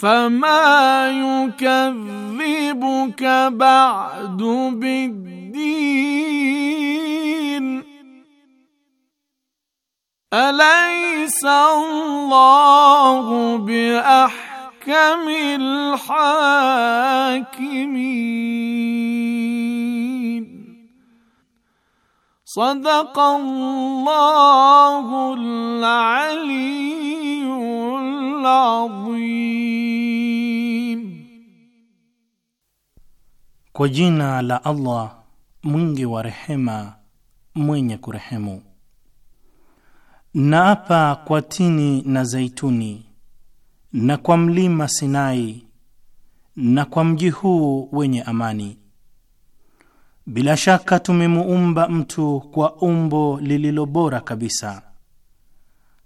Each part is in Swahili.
فما يكذبك بعد بالدين اليس الله باحكم الحاكمين صدق الله العليم العظيم Kwa jina la Allah mwingi wa rehema mwenye kurehemu. Naapa kwa tini na zaituni na kwa mlima Sinai na kwa mji huu wenye amani. Bila shaka tumemuumba mtu kwa umbo lililo bora kabisa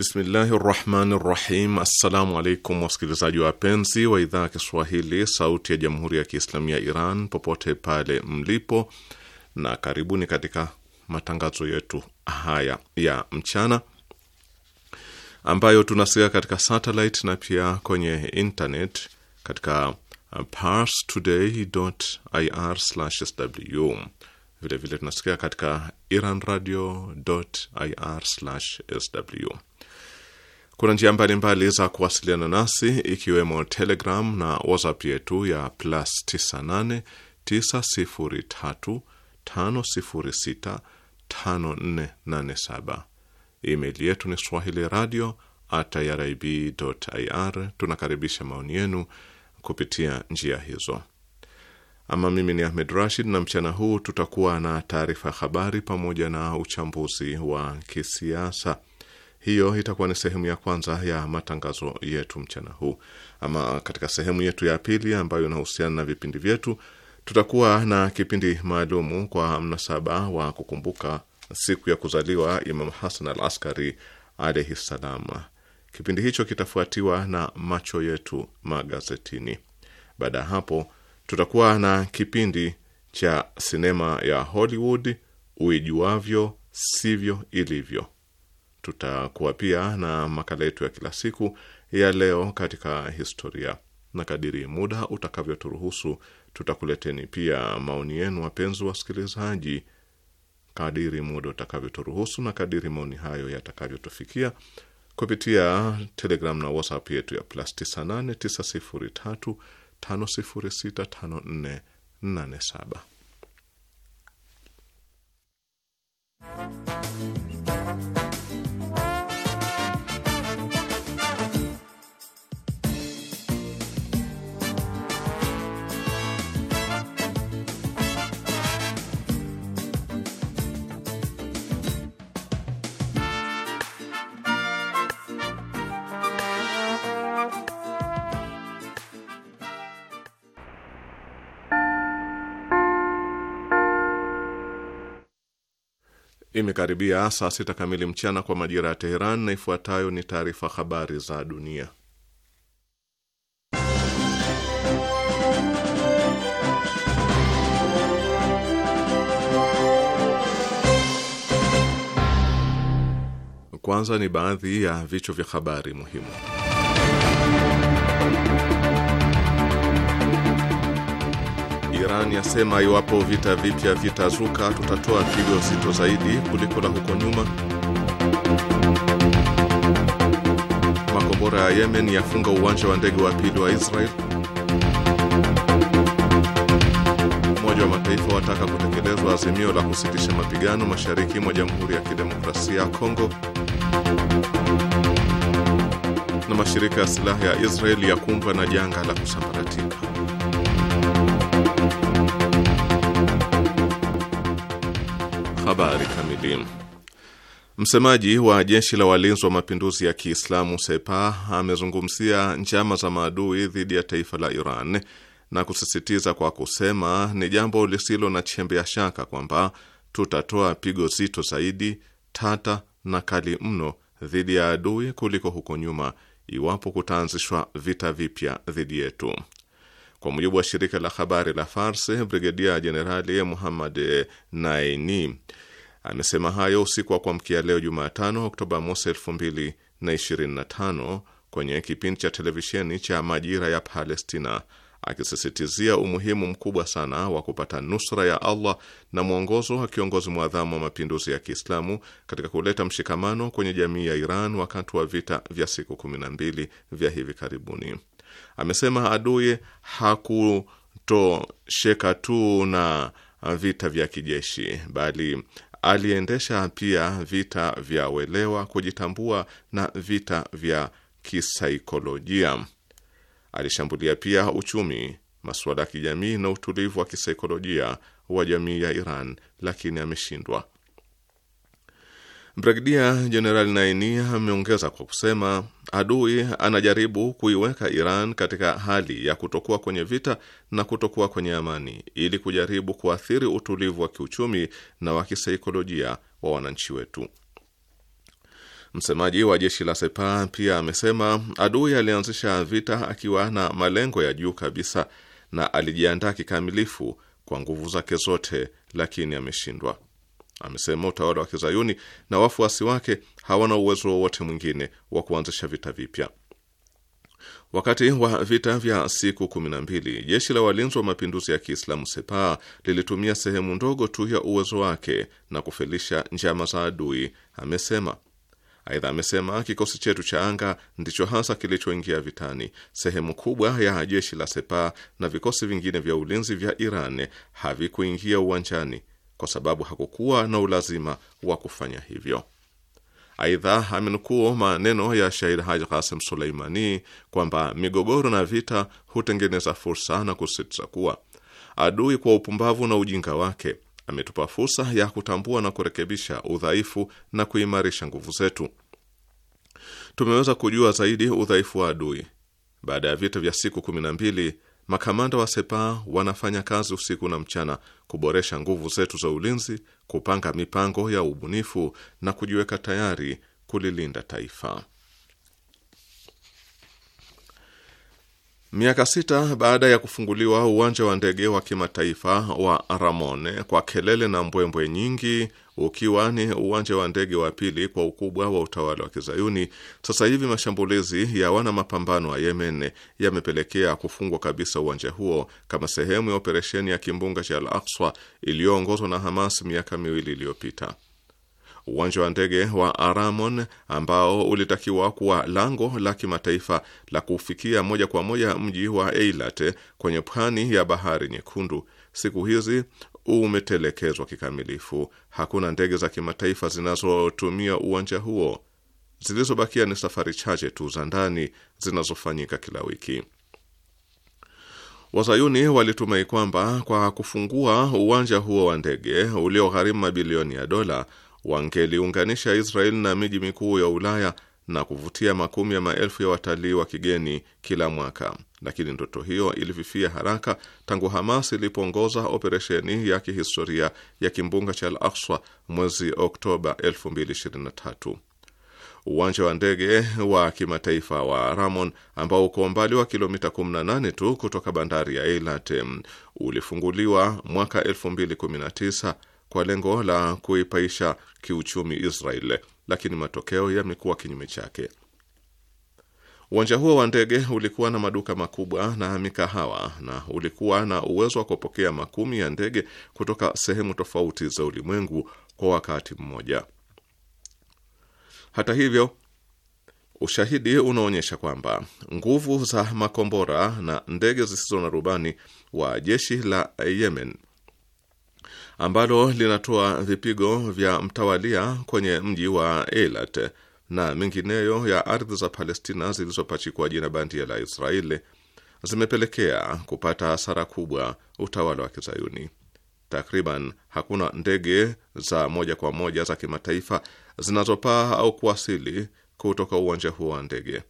Bismillahi rahmani rahim. Assalamu alaikum wasikilizaji wapenzi wa idhaa ya Kiswahili sauti ya jamhuri ya Kiislamu ya Iran popote pale mlipo, na karibuni katika matangazo yetu haya ya mchana ambayo tunasikia katika satellite na pia kwenye internet katika uh, parstoday.ir/sw. Vilevile tunasikia katika iranradio.ir/sw kuna njia mbalimbali za kuwasiliana nasi ikiwemo Telegram na WhatsApp yetu ya plus 98 903 506 Email yetu ni swahili radio at irib ir. Tunakaribisha maoni yenu kupitia njia hizo. Ama mimi ni Ahmed Rashid, na mchana huu tutakuwa na taarifa ya habari pamoja na uchambuzi wa kisiasa. Hiyo itakuwa ni sehemu ya kwanza ya matangazo yetu mchana huu. Ama katika sehemu yetu ya pili ambayo inahusiana na vipindi vyetu, tutakuwa na kipindi maalumu kwa mnasaba wa kukumbuka siku ya kuzaliwa Imam Hasan al Askari alaihi ssalam. Kipindi hicho kitafuatiwa na macho yetu magazetini. Baada ya hapo, tutakuwa na kipindi cha sinema ya Hollywood, uijuavyo sivyo ilivyo. Tutakuwa pia na makala yetu ya kila siku ya leo katika historia, na kadiri muda utakavyoturuhusu tutakuleteni pia maoni yenu, wapenzi wasikilizaji, kadiri muda utakavyoturuhusu na kadiri maoni hayo yatakavyotufikia kupitia Telegram na WhatsApp yetu ya plus 98 903 5065487. Imekaribia saa sita kamili mchana kwa majira ya Teheran, na ifuatayo ni taarifa habari za dunia. Kwanza ni baadhi ya vichwa vya habari muhimu. Iran yasema iwapo vita vipya vitazuka tutatoa pigo zito zaidi kuliko la huko nyuma. Makombora ya Yemen yafunga uwanja wa ndege wa pili wa Israel. Umoja wa Mataifa wataka kutekelezwa azimio la kusitisha mapigano mashariki mwa Jamhuri ya Kidemokrasia ya Kongo. Na mashirika ya silaha ya Israeli yakumbwa na janga la kusambaratika. Habari kamili. Msemaji wa jeshi la walinzi wa mapinduzi ya Kiislamu Sepa amezungumzia njama za maadui dhidi ya taifa la Iran na kusisitiza kwa kusema, ni jambo lisilo na chembe ya shaka kwamba tutatoa pigo zito zaidi, tata na kali mno dhidi ya adui kuliko huko nyuma, iwapo kutaanzishwa vita vipya dhidi yetu. Kwa mujibu wa shirika la habari la Fars, Brigedia Jenerali Muhammad Naini amesema hayo usiku wa kuamkia leo Jumatano, Oktoba mosi elfu mbili na ishirini na tano kwenye kipindi cha televisheni cha Majira ya Palestina, akisisitizia umuhimu mkubwa sana wa kupata nusra ya Allah na mwongozo wa kiongozi mwadhamu wa mapinduzi ya Kiislamu katika kuleta mshikamano kwenye jamii ya Iran wakati wa vita vya siku 12 vya hivi karibuni. Amesema adui hakutosheka tu na vita vya kijeshi, bali aliendesha pia vita vya uelewa, kujitambua na vita vya kisaikolojia. Alishambulia pia uchumi, masuala ya kijamii na utulivu wa kisaikolojia wa jamii ya Iran, lakini ameshindwa. Brigedia General Naini ameongeza kwa kusema adui anajaribu kuiweka Iran katika hali ya kutokuwa kwenye vita na kutokuwa kwenye amani ili kujaribu kuathiri utulivu wa kiuchumi na wa kisaikolojia wa wananchi wetu. Msemaji wa jeshi la Sepa pia amesema adui alianzisha vita akiwa na malengo ya juu kabisa na alijiandaa kikamilifu kwa nguvu zake zote, lakini ameshindwa. Amesema utawala wa kizayuni na wafuasi wake hawana uwezo wowote mwingine wa kuanzisha vita vipya. Wakati wa vita vya siku mbili, jeshi la walinzi wa mapinduzi ya Kiislamu sepa lilitumia sehemu ndogo tu ya uwezo wake na kufelisha njama za adui, amesema. Aidha amesema kikosi chetu cha anga ndicho hasa kilichoingia vitani. Sehemu kubwa ya jeshi la sepa na vikosi vingine vya ulinzi vya Iran havikuingia uwanjani kwa sababu hakukuwa na ulazima wa kufanya hivyo. Aidha, amenukuu maneno ya shahid Haji Qasim Suleimani kwamba migogoro na vita hutengeneza fursa na kusisitiza kuwa adui kwa upumbavu na ujinga wake ametupa fursa ya kutambua na kurekebisha udhaifu na kuimarisha nguvu zetu. Tumeweza kujua zaidi udhaifu wa adui baada ya vita vya siku kumi na mbili Makamanda wa Sepa wanafanya kazi usiku na mchana kuboresha nguvu zetu za ulinzi, kupanga mipango ya ubunifu na kujiweka tayari kulilinda taifa. Miaka sita baada ya kufunguliwa uwanja wa ndege wa kimataifa wa Ramone kwa kelele na mbwembwe nyingi, ukiwa ni uwanja wa ndege wa pili kwa ukubwa wa utawala wa Kizayuni, sasa hivi mashambulizi ya wana mapambano wa Yemen yamepelekea kufungwa kabisa uwanja huo kama sehemu ya operesheni ya kimbunga cha Al Akswa iliyoongozwa na Hamas miaka miwili iliyopita. Uwanja wa ndege wa Aramon ambao ulitakiwa kuwa lango la kimataifa la kufikia moja kwa moja mji wa Eilat kwenye pwani ya bahari Nyekundu, siku hizi umetelekezwa kikamilifu. Hakuna ndege za kimataifa zinazotumia uwanja huo. Zilizobakia ni safari chache tu za ndani zinazofanyika kila wiki. Wazayuni walitumai kwamba kwa kufungua uwanja huo wa ndege uliogharimu mabilioni ya dola wangeliunganisha israel na miji mikuu ya Ulaya na kuvutia makumi ya maelfu ya watalii wa kigeni kila mwaka, lakini ndoto hiyo ilififia haraka tangu Hamas ilipoongoza operesheni ya kihistoria ya kimbunga cha Al-Aqsa mwezi Oktoba 2023. Uwanja wa ndege wa kimataifa wa Ramon ambao uko umbali wa kilomita 18 tu kutoka bandari ya Eilat ulifunguliwa mwaka kwa lengo la kuipaisha kiuchumi Israel, lakini matokeo yamekuwa kinyume chake. Uwanja huo wa ndege ulikuwa na maduka makubwa na mikahawa na ulikuwa na uwezo wa kupokea makumi ya ndege kutoka sehemu tofauti za ulimwengu kwa wakati mmoja. Hata hivyo, ushahidi unaonyesha kwamba nguvu za makombora na ndege zisizo na rubani wa jeshi la Yemen ambalo linatoa vipigo vya mtawalia kwenye mji wa Eilat na mingineyo ya ardhi za Palestina zilizopachikwa jina bandia la Israeli zimepelekea kupata hasara kubwa utawala wa Kizayuni. Takriban hakuna ndege za moja kwa moja za kimataifa zinazopaa au kuwasili kutoka uwanja huo wa ndege.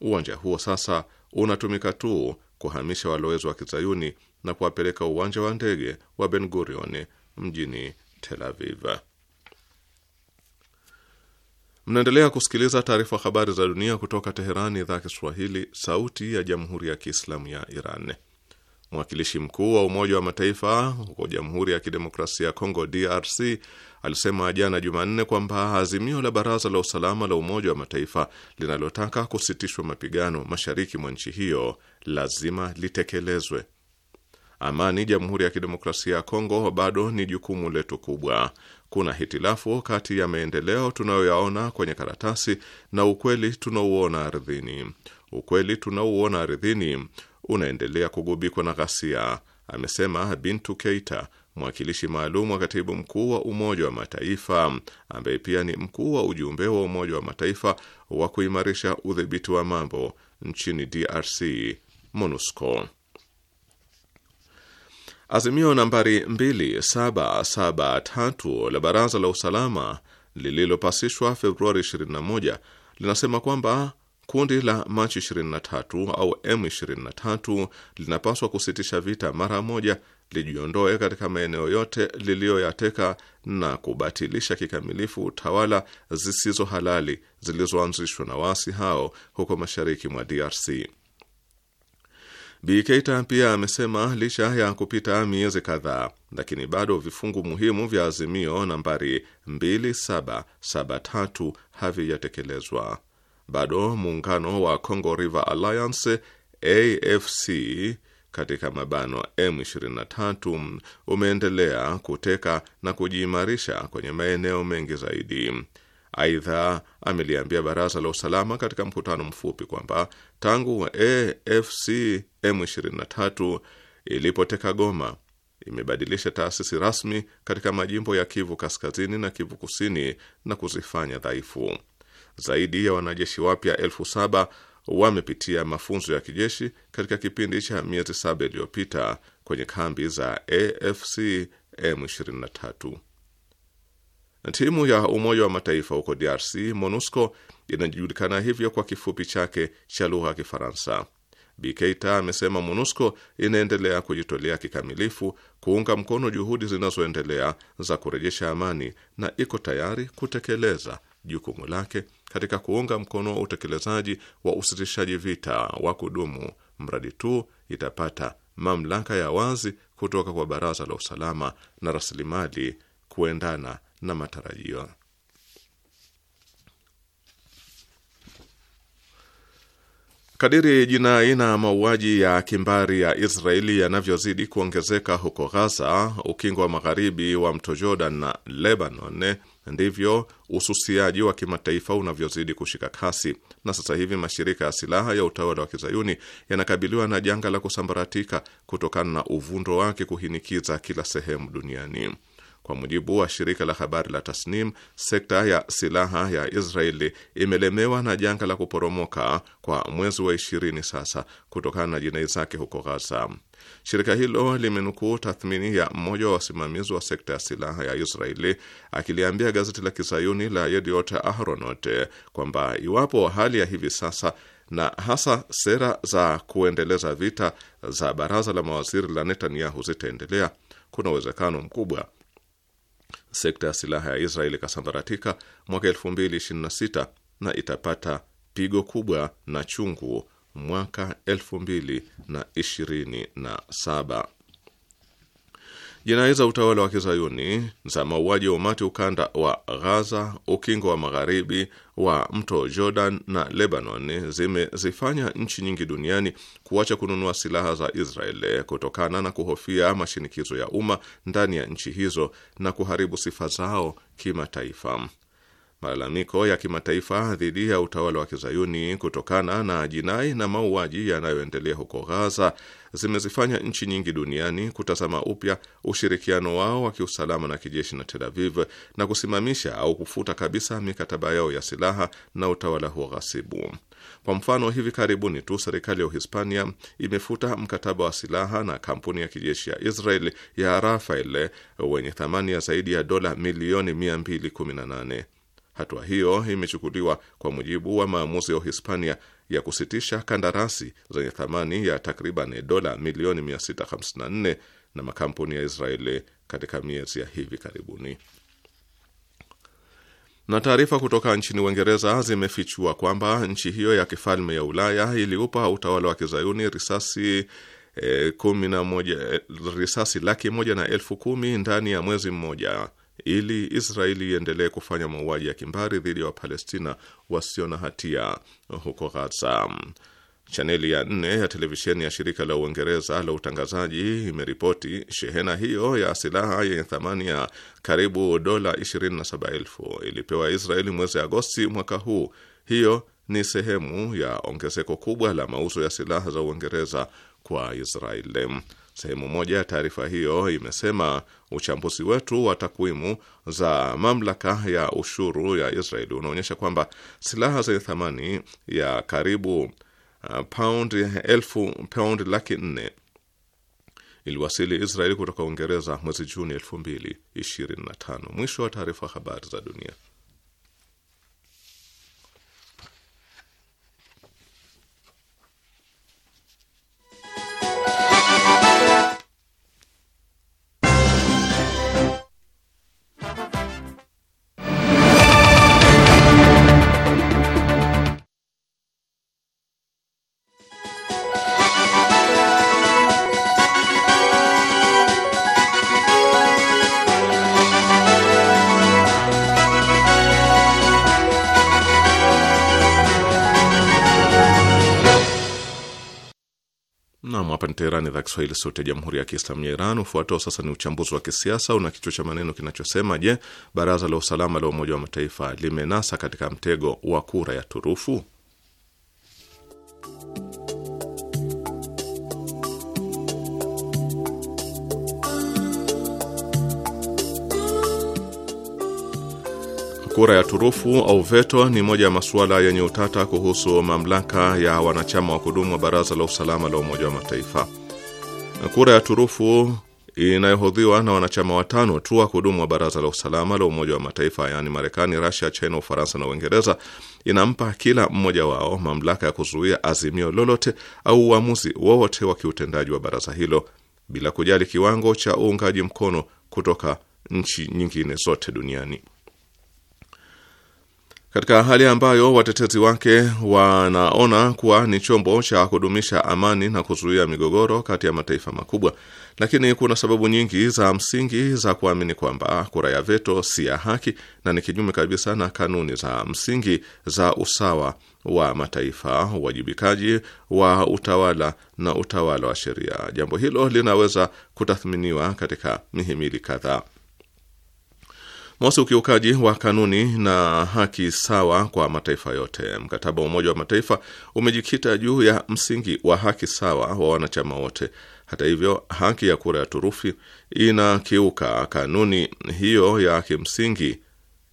Uwanja huo sasa unatumika tu kuhamisha walowezi wa Kizayuni na kuwapeleka uwanja wa ndege wa Ben Gurion mjini Tel Aviv. Mnaendelea kusikiliza taarifa habari za dunia kutoka Teherani, idhaa ya Kiswahili, sauti ya jamhuri ya kiislamu ya Iran. Mwakilishi mkuu wa Umoja wa Mataifa huko Jamhuri ya Kidemokrasia ya Kongo, DRC, alisema jana Jumanne kwamba azimio la Baraza la Usalama la Umoja wa Mataifa linalotaka kusitishwa mapigano mashariki mwa nchi hiyo lazima litekelezwe. Amani Jamhuri ya Kidemokrasia ya Kongo bado ni jukumu letu kubwa. Kuna hitilafu kati ya maendeleo tunayoyaona kwenye karatasi na ukweli tunauona ardhini. Ukweli tunauona ardhini unaendelea kugubikwa na ghasia, amesema Bintu Keita, mwakilishi maalum wa katibu mkuu wa Umoja wa Mataifa ambaye pia ni mkuu wa ujumbe wa Umoja wa Mataifa wa kuimarisha udhibiti wa mambo nchini DRC, MONUSCO. Azimio nambari 2773 la Baraza la Usalama lililopasishwa Februari 21 linasema kwamba kundi la Machi 23 au M23 linapaswa kusitisha vita mara moja, lijiondoe katika maeneo yote liliyoyateka na kubatilisha kikamilifu tawala zisizo halali zilizoanzishwa na waasi hao huko mashariki mwa DRC. Bi Keita pia amesema licha ya kupita miezi kadhaa, lakini bado vifungu muhimu vya azimio nambari 2773 havijatekelezwa. Bado muungano wa Congo River Alliance AFC katika mabano M23 umeendelea kuteka na kujiimarisha kwenye maeneo mengi zaidi. Aidha, ameliambia baraza la usalama katika mkutano mfupi kwamba tangu AFC M23 ilipoteka Goma imebadilisha taasisi rasmi katika majimbo ya Kivu Kaskazini na Kivu Kusini na kuzifanya dhaifu. Zaidi ya wanajeshi wapya elfu saba wamepitia mafunzo ya kijeshi katika kipindi cha miezi saba iliyopita kwenye kambi za AFC M23. Timu ya Umoja wa Mataifa huko DRC MONUSCO inajulikana hivyo kwa kifupi chake cha lugha ya Kifaransa bkt amesema MONUSCO inaendelea kujitolea kikamilifu kuunga mkono juhudi zinazoendelea za kurejesha amani na iko tayari kutekeleza jukumu lake katika kuunga mkono utekelezaji wa usitishaji vita wa kudumu mradi tu itapata mamlaka ya wazi kutoka kwa Baraza la Usalama na rasilimali kuendana na matarajio. Kadiri jinai na mauaji ya kimbari ya Israeli yanavyozidi kuongezeka huko Ghaza, ukingo wa magharibi wa mto Jordan na Lebanon, ndivyo ususiaji wa kimataifa unavyozidi kushika kasi. Na sasa hivi mashirika ya silaha ya utawala wa kizayuni yanakabiliwa na janga la kusambaratika kutokana na uvundo wake kuhinikiza kila sehemu duniani. Kwa mujibu wa shirika la habari la Tasnim, sekta ya silaha ya Israeli imelemewa na janga la kuporomoka kwa mwezi wa ishirini sasa kutokana na jinai zake huko Ghaza. Shirika hilo limenukuu tathmini ya mmoja wa wasimamizi wa sekta ya silaha ya Israeli akiliambia gazeti la kizayuni la Yediot Ahronot kwamba iwapo hali ya hivi sasa na hasa sera za kuendeleza vita za baraza la mawaziri la Netanyahu zitaendelea, kuna uwezekano mkubwa Sekta ya silaha ya Israeli ikasambaratika mwaka 2026 na itapata pigo kubwa na chungu mwaka 2027. Jinai za utawala wa kizayuni za mauaji ya umati ukanda wa Ghaza, ukingo wa magharibi wa mto Jordan na Lebanon zimezifanya nchi nyingi duniani kuacha kununua silaha za Israel kutokana na kuhofia mashinikizo ya umma ndani ya nchi hizo na kuharibu sifa zao kimataifa. Malalamiko ya kimataifa dhidi ya utawala wa kizayuni kutokana na jinai na mauaji yanayoendelea huko Ghaza zimezifanya nchi nyingi duniani kutazama upya ushirikiano wao wa kiusalama na kijeshi na Tel Aviv na kusimamisha au kufuta kabisa mikataba yao ya silaha na utawala huo ghasibu. Kwa mfano, hivi karibuni tu serikali ya Uhispania imefuta mkataba wa silaha na kampuni ya kijeshi ya Israel ya Rafael wenye thamani ya zaidi ya dola milioni 218. Hatua hiyo imechukuliwa kwa mujibu wa maamuzi ya Uhispania ya kusitisha kandarasi zenye thamani ya takriban dola milioni 654 na makampuni ya Israeli katika miezi ya hivi karibuni. Na taarifa kutoka nchini Uingereza zimefichua kwamba nchi hiyo ya kifalme ya Ulaya iliupa utawala wa kizayuni risasi eh, kumi na moja, eh, risasi laki moja na elfu kumi ndani ya mwezi mmoja ili Israeli iendelee kufanya mauaji ya kimbari dhidi ya Wapalestina wasio na hatia huko Ghaza. Chaneli ya nne ya televisheni ya shirika la Uingereza la utangazaji imeripoti shehena hiyo ya silaha yenye thamani ya karibu dola 27,000 ilipewa Israeli mwezi Agosti mwaka huu. Hiyo ni sehemu ya ongezeko kubwa la mauzo ya silaha za Uingereza kwa Israeli. Sehemu moja ya taarifa hiyo imesema uchambuzi wetu wa takwimu za mamlaka ya ushuru ya Israeli unaonyesha kwamba silaha zenye thamani ya karibu uh, pound elfu pound laki nne iliwasili Israeli kutoka Uingereza mwezi Juni 225 Mwisho wa taarifa. Habari za dunia. Kiswahili, sauti ya jamhuri ya kiislamu ya Iran. Ufuatao sasa ni uchambuzi wa kisiasa una kichwa cha maneno kinachosema: Je, baraza la usalama la Umoja wa Mataifa limenasa katika mtego wa kura ya turufu? Kura ya turufu au veto ni moja ya masuala yenye utata kuhusu mamlaka ya wanachama wa kudumu wa baraza la usalama la Umoja wa Mataifa. Kura ya turufu inayohodhiwa na wanachama watano tu wa kudumu wa Baraza la Usalama la Umoja wa Mataifa, yaani Marekani, Rasia, China, Ufaransa na Uingereza, inampa kila mmoja wao mamlaka ya kuzuia azimio lolote au uamuzi wowote wa kiutendaji wa baraza hilo bila kujali kiwango cha uungaji mkono kutoka nchi nyingine zote duniani katika hali ambayo watetezi wake wanaona kuwa ni chombo cha kudumisha amani na kuzuia migogoro kati ya mataifa makubwa. Lakini kuna sababu nyingi za msingi za kuamini kwamba kura ya veto si ya haki na ni kinyume kabisa na kanuni za msingi za usawa wa mataifa, uwajibikaji wa utawala na utawala wa sheria. Jambo hilo linaweza kutathminiwa katika mihimili kadhaa. Mosi, ukiukaji wa kanuni na haki sawa kwa mataifa yote. Mkataba wa Umoja wa Mataifa umejikita juu ya msingi wa haki sawa wa wanachama wote. Hata hivyo, haki ya kura ya turufi inakiuka kanuni hiyo ya kimsingi,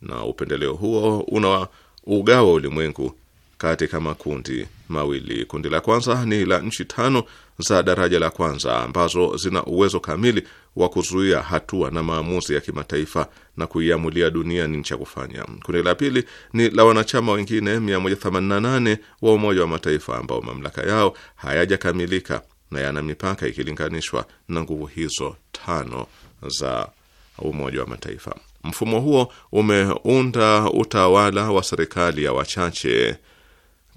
na upendeleo huo una ugawa ulimwengu katika makundi mawili. Kundi la kwanza ni la nchi tano za daraja la kwanza ambazo zina uwezo kamili wa kuzuia hatua na maamuzi ya kimataifa na kuiamulia dunia nini cha kufanya. Kundi la pili ni la wanachama wengine 188 wa Umoja wa Mataifa ambao mamlaka yao hayajakamilika na yana mipaka ikilinganishwa na nguvu hizo tano za Umoja wa Mataifa. Mfumo huo umeunda utawala wa serikali ya wachache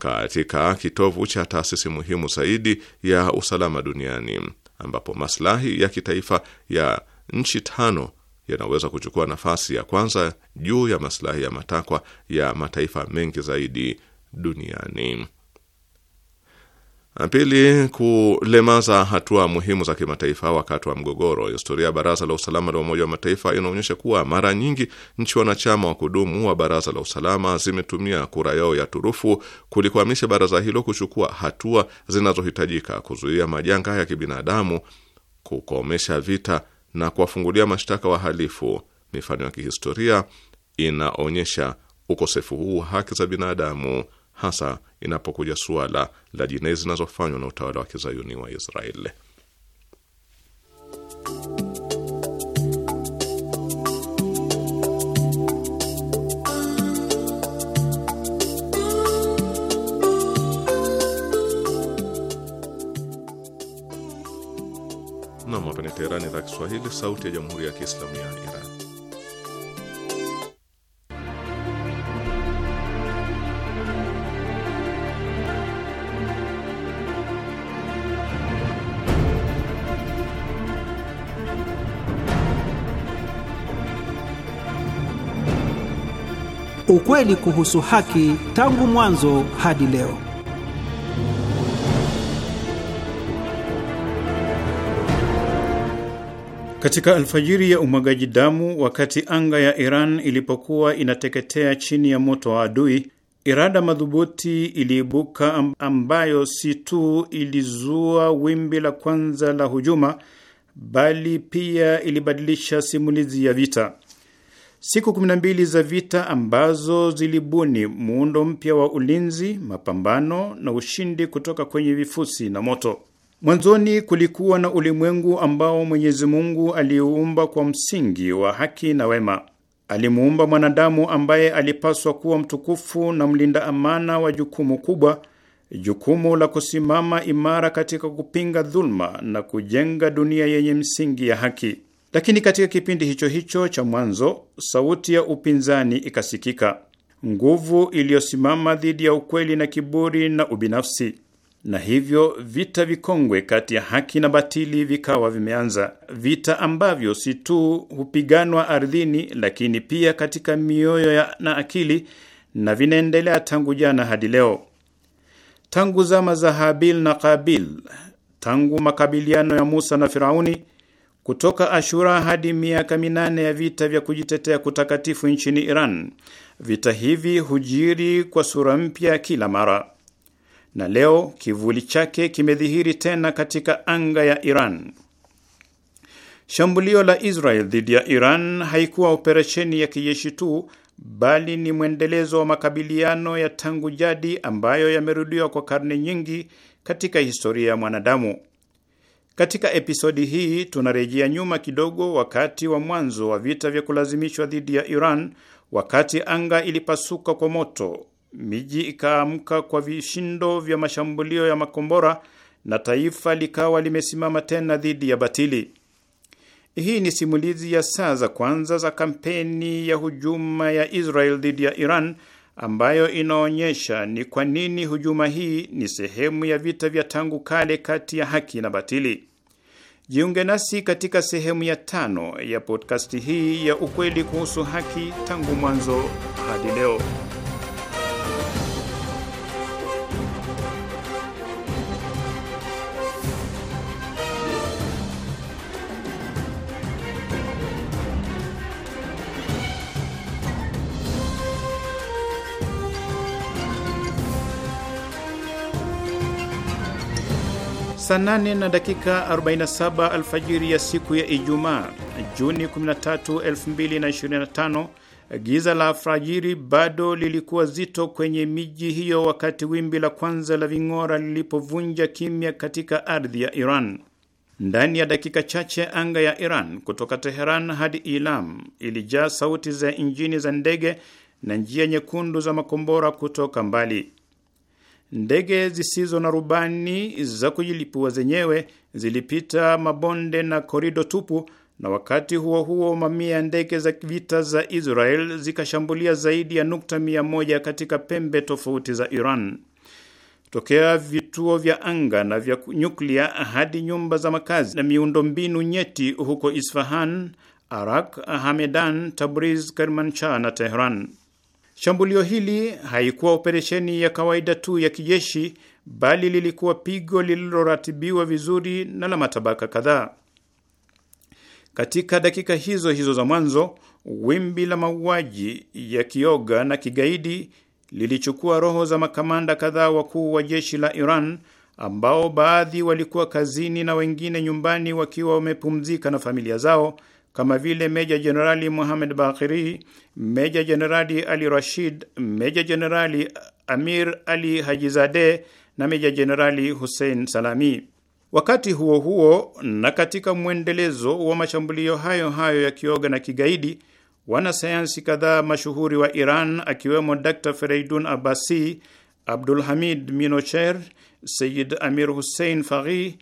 katika kitovu cha taasisi muhimu zaidi ya usalama duniani ambapo maslahi ya kitaifa ya nchi tano yanaweza kuchukua nafasi ya kwanza juu ya maslahi ya matakwa ya mataifa mengi zaidi duniani. Pili, kulemaza hatua muhimu za kimataifa wakati wa mgogoro. Historia ya Baraza la Usalama la Umoja wa Mataifa inaonyesha kuwa mara nyingi nchi wanachama wa kudumu wa Baraza la Usalama zimetumia kura yao ya turufu kulikwamisha baraza hilo kuchukua hatua zinazohitajika kuzuia majanga ya kibinadamu, kukomesha vita na kuwafungulia mashtaka wahalifu. Mifano ya kihistoria inaonyesha ukosefu huu wa haki za binadamu hasa inapokuja suala la jinai zinazofanywa na utawala wa kizayuni wa Israeli. Nam, hapa ni Teherani, idhaa Kiswahili, sauti ya jamhuri ya kiislamu ya Iran. ukweli kuhusu haki tangu mwanzo hadi leo. Katika alfajiri ya umwagaji damu, wakati anga ya Iran ilipokuwa inateketea chini ya moto wa adui, irada madhubuti iliibuka, ambayo si tu ilizua wimbi la kwanza la hujuma, bali pia ilibadilisha simulizi ya vita siku 12 za vita ambazo zilibuni muundo mpya wa ulinzi, mapambano na ushindi kutoka kwenye vifusi na moto. Mwanzoni kulikuwa na ulimwengu ambao Mwenyezi Mungu aliuumba kwa msingi wa haki na wema. Alimuumba mwanadamu ambaye alipaswa kuwa mtukufu na mlinda amana wa jukumu kubwa, jukumu la kusimama imara katika kupinga dhuluma na kujenga dunia yenye msingi ya haki. Lakini katika kipindi hicho hicho cha mwanzo, sauti ya upinzani ikasikika, nguvu iliyosimama dhidi ya ukweli na kiburi na ubinafsi, na hivyo vita vikongwe kati ya haki na batili vikawa vimeanza, vita ambavyo si tu hupiganwa ardhini, lakini pia katika mioyo na akili, na vinaendelea tangu jana hadi leo, tangu zama za Habil na Kabil, tangu makabiliano ya Musa na Firauni kutoka Ashura hadi miaka minane ya vita vya kujitetea kutakatifu nchini Iran. Vita hivi hujiri kwa sura mpya kila mara, na leo kivuli chake kimedhihiri tena katika anga ya Iran. Shambulio la Israel dhidi ya Iran haikuwa operesheni ya kijeshi tu, bali ni mwendelezo wa makabiliano ya tangu jadi ambayo yamerudiwa kwa karne nyingi katika historia ya mwanadamu. Katika episodi hii tunarejea nyuma kidogo, wakati wa mwanzo wa vita vya kulazimishwa dhidi ya Iran, wakati anga ilipasuka kwa moto, miji ikaamka kwa vishindo vya mashambulio ya makombora na taifa likawa limesimama tena dhidi ya batili. Hii ni simulizi ya saa za kwanza za kampeni ya hujuma ya Israel dhidi ya Iran ambayo inaonyesha ni kwa nini hujuma hii ni sehemu ya vita vya tangu kale kati ya haki na batili. Jiunge nasi katika sehemu ya tano ya podkasti hii ya ukweli kuhusu haki, tangu mwanzo hadi leo. Saa 8 na dakika 47 alfajiri ya siku ya Ijumaa, Juni 13, 2025, giza la alfajiri bado lilikuwa zito kwenye miji hiyo wakati wimbi la kwanza la ving'ora lilipovunja kimya katika ardhi ya Iran. Ndani ya dakika chache anga ya Iran kutoka Teheran hadi Ilam ilijaa sauti za injini za ndege na njia nyekundu za makombora kutoka mbali. Ndege zisizo na rubani za kujilipua zenyewe zilipita mabonde na korido tupu, na wakati huo huo mamia ya ndege za vita za Israel zikashambulia zaidi ya nukta mia moja katika pembe tofauti za Iran, tokea vituo vya anga na vya nyuklia hadi nyumba za makazi na miundombinu nyeti huko Isfahan, Arak, Hamedan, Tabriz, Kermanshah na Tehran. Shambulio hili haikuwa operesheni ya kawaida tu ya kijeshi, bali lilikuwa pigo lililoratibiwa vizuri na la matabaka kadhaa. Katika dakika hizo hizo za mwanzo, wimbi la mauaji ya kioga na kigaidi lilichukua roho za makamanda kadhaa wakuu wa jeshi la Iran ambao baadhi walikuwa kazini na wengine nyumbani wakiwa wamepumzika na familia zao kama vile Meja Jenerali Muhamed Bakiri, Meja Jenerali Ali Rashid, Meja Jenerali Amir Ali Hajizade na Meja Jenerali Hussein Salami. Wakati huo huo, na katika mwendelezo wa mashambulio hayo hayo ya kioga na kigaidi, wanasayansi kadhaa mashuhuri wa Iran akiwemo Dr. Fereidun Abbasi, Abdul Hamid Minocher, Sayyid Amir Hussein Faghi,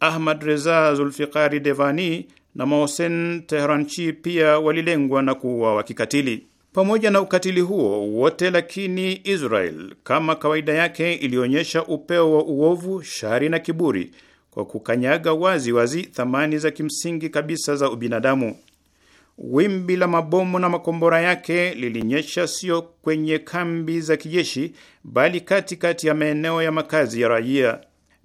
Ahmad Reza Zulfiqari Devani na Mohsen Tehranchi pia walilengwa na kuuawa kikatili. Pamoja na ukatili huo wote lakini, Israel kama kawaida yake ilionyesha upeo wa uovu, shari na kiburi kwa kukanyaga wazi wazi thamani za kimsingi kabisa za ubinadamu. Wimbi la mabomu na makombora yake lilinyesha sio kwenye kambi za kijeshi, bali katikati ya maeneo ya makazi ya raia.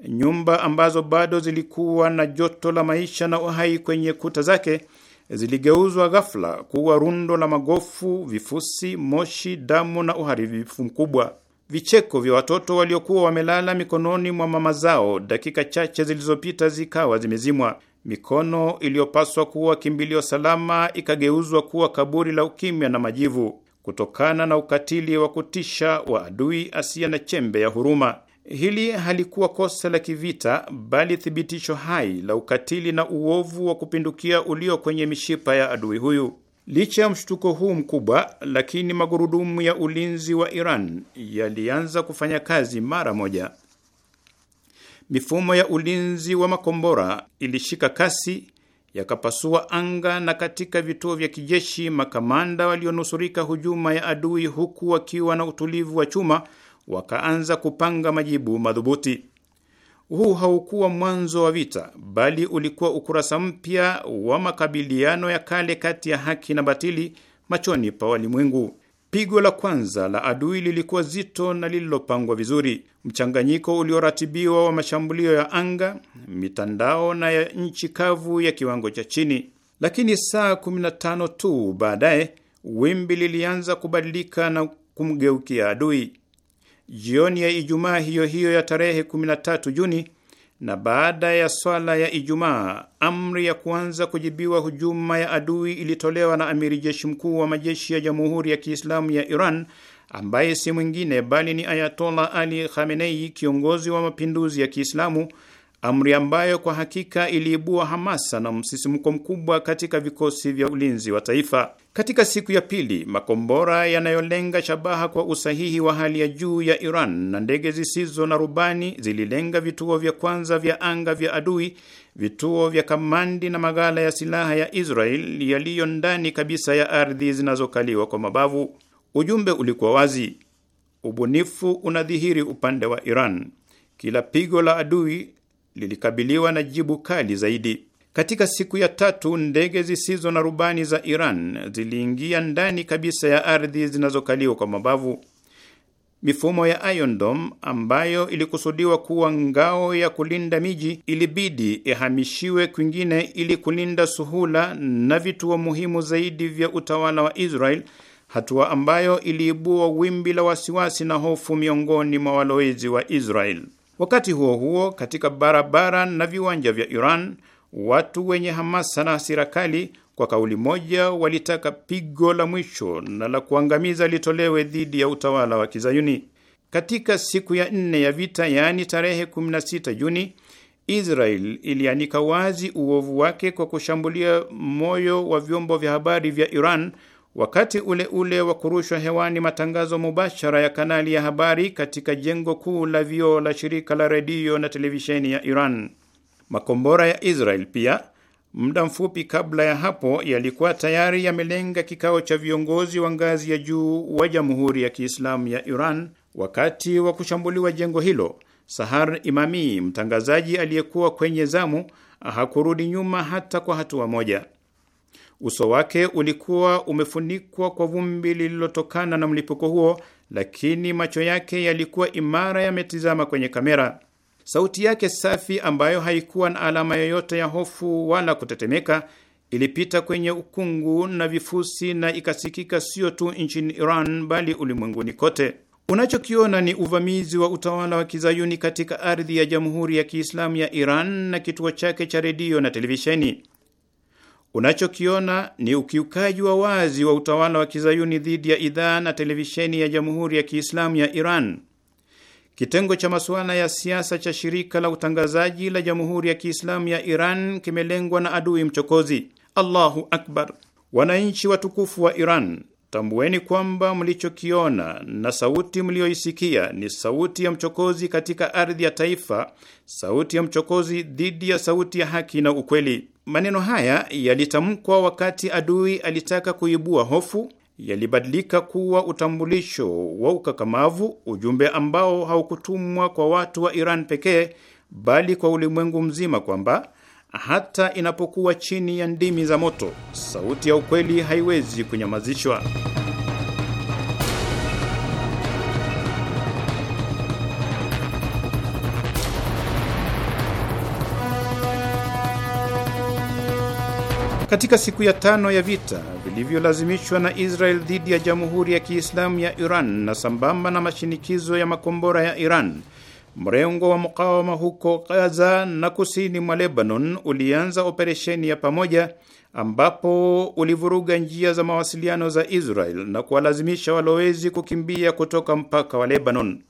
Nyumba ambazo bado zilikuwa na joto la maisha na uhai kwenye kuta zake ziligeuzwa ghafla kuwa rundo la magofu, vifusi, moshi, damu na uharibifu mkubwa. Vicheko vya watoto waliokuwa wamelala mikononi mwa mama zao dakika chache zilizopita zikawa zimezimwa. Mikono iliyopaswa kuwa kimbilio salama ikageuzwa kuwa kaburi la ukimya na majivu, kutokana na ukatili wa kutisha wa adui asiye na chembe ya huruma. Hili halikuwa kosa la kivita, bali thibitisho hai la ukatili na uovu wa kupindukia ulio kwenye mishipa ya adui huyu. Licha ya mshtuko huu mkubwa, lakini magurudumu ya ulinzi wa Iran yalianza kufanya kazi mara moja. Mifumo ya ulinzi wa makombora ilishika kasi, yakapasua anga, na katika vituo vya kijeshi makamanda walionusurika hujuma ya adui, huku wakiwa na utulivu wa chuma wakaanza kupanga majibu madhubuti. Huu haukuwa mwanzo wa vita, bali ulikuwa ukurasa mpya wa makabiliano ya kale kati ya haki na batili machoni pa walimwengu. Pigo la kwanza la adui lilikuwa zito na lililopangwa vizuri. Mchanganyiko ulioratibiwa wa mashambulio ya anga, mitandao na ya nchi kavu ya kiwango cha chini. Lakini saa 15 tu baadaye wimbi lilianza kubadilika na kumgeukia adui jioni ya Ijumaa hiyo hiyo ya tarehe 13 Juni, na baada ya swala ya Ijumaa, amri ya kuanza kujibiwa hujuma ya adui ilitolewa na amiri jeshi mkuu wa majeshi ya Jamhuri ya Kiislamu ya Iran ambaye si mwingine bali ni Ayatollah Ali Khamenei, kiongozi wa mapinduzi ya Kiislamu amri ambayo kwa hakika iliibua hamasa na msisimko mkubwa katika vikosi vya ulinzi wa taifa. Katika siku ya pili, makombora yanayolenga shabaha kwa usahihi wa hali ya juu ya Iran na ndege zisizo na rubani zililenga vituo vya kwanza vya anga vya adui, vituo vya kamandi na maghala ya silaha ya Israel yaliyo ndani kabisa ya ardhi zinazokaliwa kwa mabavu. Ujumbe ulikuwa wazi: ubunifu unadhihiri upande wa Iran. Kila pigo la adui lilikabiliwa na jibu kali zaidi. Katika siku ya tatu, ndege zisizo na rubani za Iran ziliingia ndani kabisa ya ardhi zinazokaliwa kwa mabavu. Mifumo ya Iron Dome ambayo ilikusudiwa kuwa ngao ya kulinda miji ilibidi ihamishiwe kwingine ili kulinda suhula na vituo muhimu zaidi vya utawala wa Israel, hatua ambayo iliibua wimbi la wasiwasi na hofu miongoni mwa walowezi wa Israel. Wakati huo huo, katika barabara na viwanja vya Iran, watu wenye hamasa na hasira kali kwa kauli moja walitaka pigo la mwisho na la kuangamiza litolewe dhidi ya utawala wa Kizayuni. Katika siku ya nne ya vita, yaani tarehe 16 Juni, Israel ilianika wazi uovu wake kwa kushambulia moyo wa vyombo vya habari vya Iran Wakati ule ule wa kurushwa hewani matangazo mubashara ya kanali ya habari katika jengo kuu la vioo la shirika la redio na televisheni ya Iran. Makombora ya Israel pia muda mfupi kabla ya hapo yalikuwa tayari yamelenga kikao cha viongozi wa ngazi ya juu wa Jamhuri ya Kiislamu ya Iran wakati wa kushambuliwa jengo hilo. Sahar Imami, mtangazaji aliyekuwa kwenye zamu, hakurudi nyuma hata kwa hatua moja. Uso wake ulikuwa umefunikwa kwa vumbi lililotokana na mlipuko huo, lakini macho yake yalikuwa imara yametizama kwenye kamera. Sauti yake safi ambayo haikuwa na alama yoyote ya hofu wala kutetemeka ilipita kwenye ukungu na vifusi na ikasikika sio tu nchini Iran bali ulimwenguni kote. Unachokiona ni uvamizi wa utawala wa kizayuni katika ardhi ya Jamhuri ya Kiislamu ya Iran na kituo chake cha redio na televisheni. Unachokiona ni ukiukaji wa wazi wa utawala wa kizayuni dhidi ya idhaa na televisheni ya Jamhuri ya Kiislamu ya Iran. Kitengo cha masuala ya siasa cha shirika la utangazaji la Jamhuri ya Kiislamu ya Iran kimelengwa na adui mchokozi. Allahu akbar! Wananchi watukufu wa Iran Tambueni kwamba mlichokiona na sauti mliyoisikia ni sauti ya mchokozi katika ardhi ya taifa, sauti ya mchokozi dhidi ya sauti ya haki na ukweli. Maneno haya yalitamkwa wakati adui alitaka kuibua hofu, yalibadilika kuwa utambulisho wa ukakamavu, ujumbe ambao haukutumwa kwa watu wa Iran pekee, bali kwa ulimwengu mzima kwamba hata inapokuwa chini ya ndimi za moto, sauti ya ukweli haiwezi kunyamazishwa. Katika siku ya tano ya vita vilivyolazimishwa na Israel dhidi ya Jamhuri ya Kiislamu ya Iran na sambamba na mashinikizo ya makombora ya Iran Mrengo wa mukawama huko Gaza na kusini mwa Lebanon ulianza operesheni ya pamoja ambapo ulivuruga njia za mawasiliano za Israel na kuwalazimisha walowezi kukimbia kutoka mpaka wa Lebanon.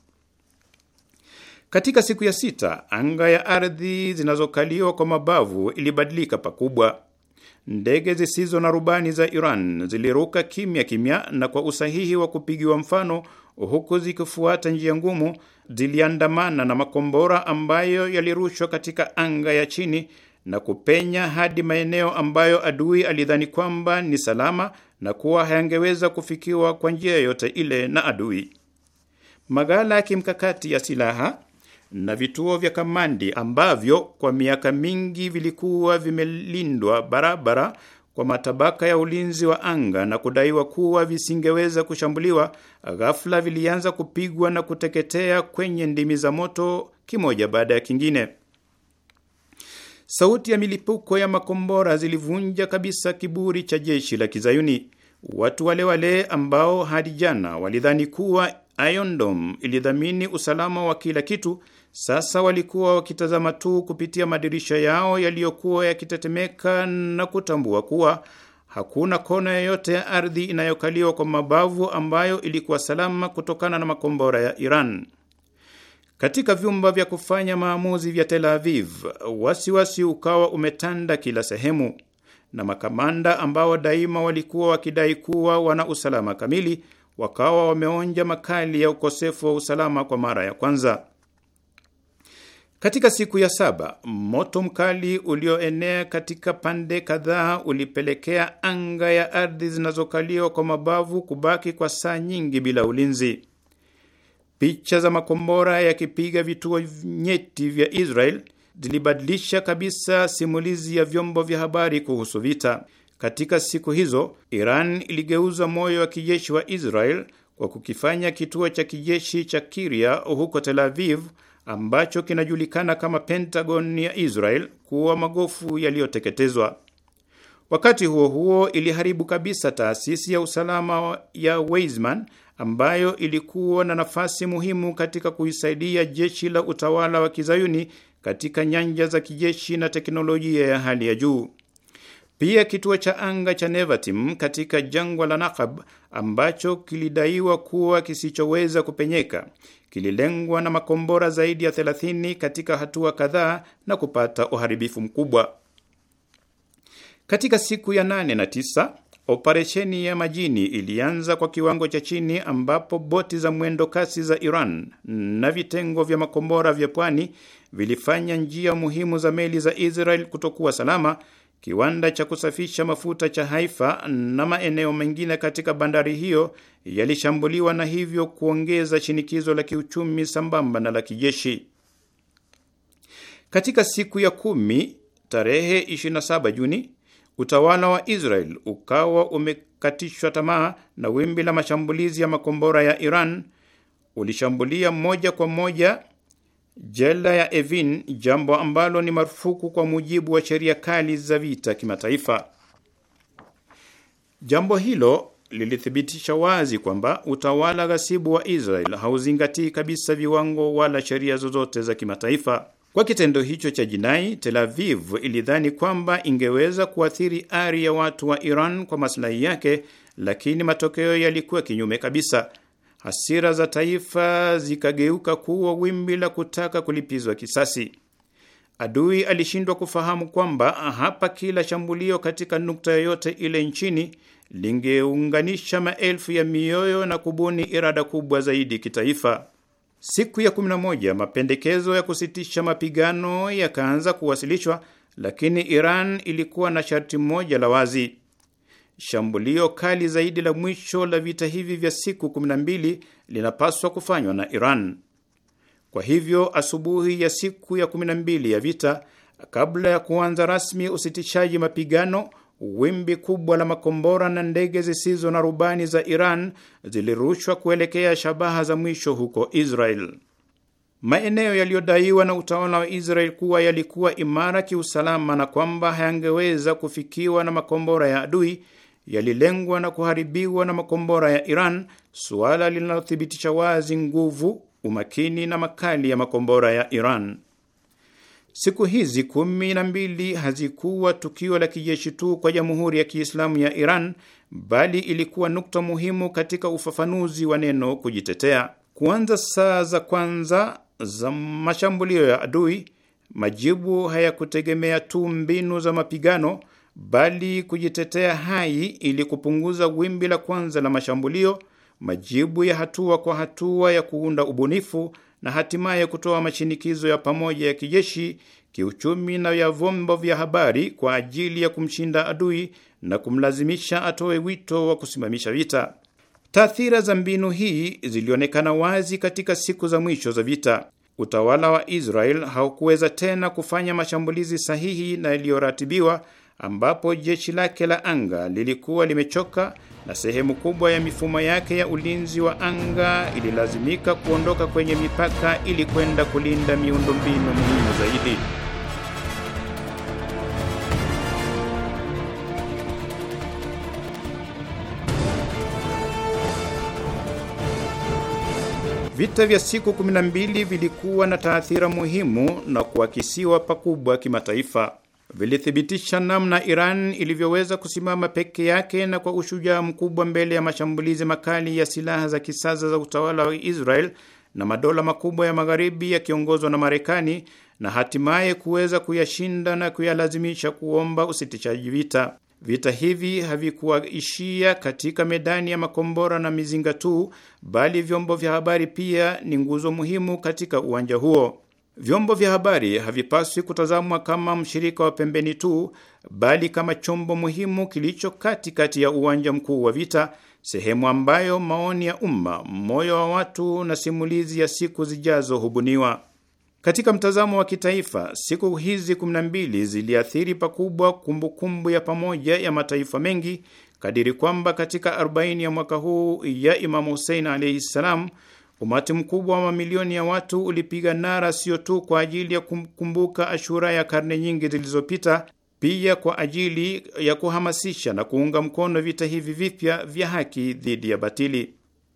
Katika siku ya sita, anga ya ardhi zinazokaliwa kwa mabavu ilibadilika pakubwa ndege zisizo na rubani za Iran ziliruka kimya kimya na kwa usahihi wa kupigiwa mfano, huku zikifuata njia ngumu. Ziliandamana na makombora ambayo yalirushwa katika anga ya chini na kupenya hadi maeneo ambayo adui alidhani kwamba ni salama na kuwa hayangeweza kufikiwa kwa njia yoyote ile na adui. Maghala ya kimkakati ya silaha na vituo vya kamandi ambavyo kwa miaka mingi vilikuwa vimelindwa barabara kwa matabaka ya ulinzi wa anga na kudaiwa kuwa visingeweza kushambuliwa, ghafla vilianza kupigwa na kuteketea kwenye ndimi za moto, kimoja baada ya kingine. Sauti ya milipuko ya makombora zilivunja kabisa kiburi cha jeshi la Kizayuni. Watu wale wale ambao hadi jana walidhani kuwa Iron Dome ilidhamini usalama wa kila kitu sasa walikuwa wakitazama tu kupitia madirisha yao yaliyokuwa yakitetemeka na kutambua kuwa hakuna kona yoyote ya ardhi inayokaliwa kwa mabavu ambayo ilikuwa salama kutokana na makombora ya Iran. Katika vyumba vya kufanya maamuzi vya Tel Aviv, wasiwasi wasi ukawa umetanda kila sehemu, na makamanda ambao daima walikuwa wakidai kuwa wana usalama kamili wakawa wameonja makali ya ukosefu wa usalama kwa mara ya kwanza. Katika siku ya saba, moto mkali ulioenea katika pande kadhaa ulipelekea anga ya ardhi zinazokaliwa kwa mabavu kubaki kwa saa nyingi bila ulinzi. Picha za makombora yakipiga vituo nyeti vya Israel zilibadilisha kabisa simulizi ya vyombo vya habari kuhusu vita. Katika siku hizo, Iran iligeuza moyo wa kijeshi wa Israel kwa kukifanya kituo cha kijeshi cha Kiria huko Tel Aviv ambacho kinajulikana kama Pentagon ya Israel kuwa magofu yaliyoteketezwa. Wakati huo huo, iliharibu kabisa taasisi ya usalama ya Weizmann ambayo ilikuwa na nafasi muhimu katika kuisaidia jeshi la utawala wa kizayuni katika nyanja za kijeshi na teknolojia ya hali ya juu. Pia kituo cha anga cha Nevatim katika jangwa la Nakab ambacho kilidaiwa kuwa kisichoweza kupenyeka kililengwa na makombora zaidi ya 30 katika hatua kadhaa na kupata uharibifu mkubwa. Katika siku ya nane na tisa, operesheni ya majini ilianza kwa kiwango cha chini, ambapo boti za mwendo kasi za Iran na vitengo vya makombora vya pwani vilifanya njia muhimu za meli za Israel kutokuwa salama Kiwanda cha kusafisha mafuta cha Haifa na maeneo mengine katika bandari hiyo yalishambuliwa na hivyo kuongeza shinikizo la kiuchumi sambamba na la kijeshi. Katika siku ya kumi tarehe 27 Juni, utawala wa Israel ukawa umekatishwa tamaa na wimbi la mashambulizi ya makombora ya Iran ulishambulia moja kwa moja jela ya Evin, jambo ambalo ni marufuku kwa mujibu wa sheria kali za vita kimataifa. Jambo hilo lilithibitisha wazi kwamba utawala ghasibu wa Israel hauzingatii kabisa viwango wala sheria zozote za kimataifa. Kwa kitendo hicho cha jinai, Tel Aviv ilidhani kwamba ingeweza kuathiri ari ya watu wa Iran kwa maslahi yake, lakini matokeo yalikuwa kinyume kabisa hasira za taifa zikageuka kuwa wimbi la kutaka kulipizwa kisasi. Adui alishindwa kufahamu kwamba hapa kila shambulio katika nukta yoyote ile nchini lingeunganisha maelfu ya mioyo na kubuni irada kubwa zaidi kitaifa. Siku ya 11 mapendekezo ya kusitisha mapigano yakaanza kuwasilishwa, lakini Iran ilikuwa na sharti moja la wazi: shambulio kali zaidi la mwisho la vita hivi vya siku 12 linapaswa kufanywa na Iran. Kwa hivyo, asubuhi ya siku ya 12 ya vita, kabla ya kuanza rasmi usitishaji mapigano, wimbi kubwa la makombora na ndege zisizo na rubani za Iran zilirushwa kuelekea shabaha za mwisho huko Israel. Maeneo yaliyodaiwa na utawala wa Israel kuwa yalikuwa imara kiusalama na kwamba hayangeweza kufikiwa na makombora ya adui yalilengwa na kuharibiwa na makombora ya Iran, suala linalothibitisha wazi nguvu, umakini na makali ya makombora ya Iran. Siku hizi kumi na mbili hazikuwa tukio la kijeshi tu kwa Jamhuri ya Kiislamu ya Iran, bali ilikuwa nukta muhimu katika ufafanuzi wa neno kujitetea. Kuanza saa za kwanza za mashambulio ya adui, majibu hayakutegemea tu mbinu za mapigano bali kujitetea hai ili kupunguza wimbi la kwanza la mashambulio, majibu ya hatua kwa hatua ya kuunda ubunifu na hatimaye kutoa mashinikizo ya pamoja ya kijeshi, kiuchumi na ya vyombo vya habari kwa ajili ya kumshinda adui na kumlazimisha atoe wito wa kusimamisha vita. Taathira za mbinu hii zilionekana wazi katika siku za mwisho za vita. Utawala wa Israel haukuweza tena kufanya mashambulizi sahihi na yaliyoratibiwa ambapo jeshi lake la anga lilikuwa limechoka na sehemu kubwa ya mifumo yake ya ulinzi wa anga ililazimika kuondoka kwenye mipaka ili kwenda kulinda miundombinu muhimu zaidi. Vita vya siku 12 vilikuwa na taathira muhimu na kuakisiwa pakubwa kimataifa vilithibitisha namna Iran ilivyoweza kusimama peke yake na kwa ushujaa mkubwa mbele ya mashambulizi makali ya silaha za kisasa za utawala wa Israel na madola makubwa ya magharibi yakiongozwa na Marekani na hatimaye kuweza kuyashinda na kuyalazimisha kuomba usitishaji vita. Vita hivi havikuwaishia katika medani ya makombora na mizinga tu, bali vyombo vya habari pia ni nguzo muhimu katika uwanja huo. Vyombo vya habari havipaswi kutazamwa kama mshirika wa pembeni tu, bali kama chombo muhimu kilicho katikati ya uwanja mkuu wa vita, sehemu ambayo maoni ya umma, moyo wa watu na simulizi ya siku zijazo hubuniwa. Katika mtazamo wa kitaifa, siku hizi 12 ziliathiri pakubwa kumbukumbu ya pamoja ya mataifa mengi kadiri kwamba katika 40 ya mwaka huu ya Imamu Husein alaihi ssalam Umati mkubwa wa mamilioni ya watu ulipiga nara sio tu kwa ajili ya kukumbuka Ashura ya karne nyingi zilizopita, pia kwa ajili ya kuhamasisha na kuunga mkono vita hivi vipya vya haki dhidi ya batili.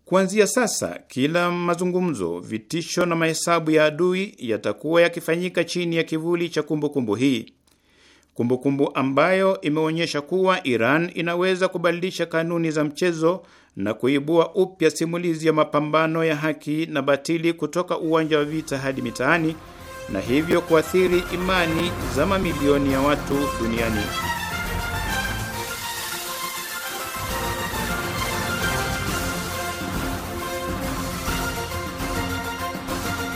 Kuanzia sasa, kila mazungumzo, vitisho na mahesabu ya adui yatakuwa yakifanyika chini ya kivuli cha kumbukumbu hii, kumbukumbu ambayo imeonyesha kuwa Iran inaweza kubadilisha kanuni za mchezo na kuibua upya simulizi ya mapambano ya haki na batili kutoka uwanja wa vita hadi mitaani na hivyo kuathiri imani za mamilioni ya watu duniani.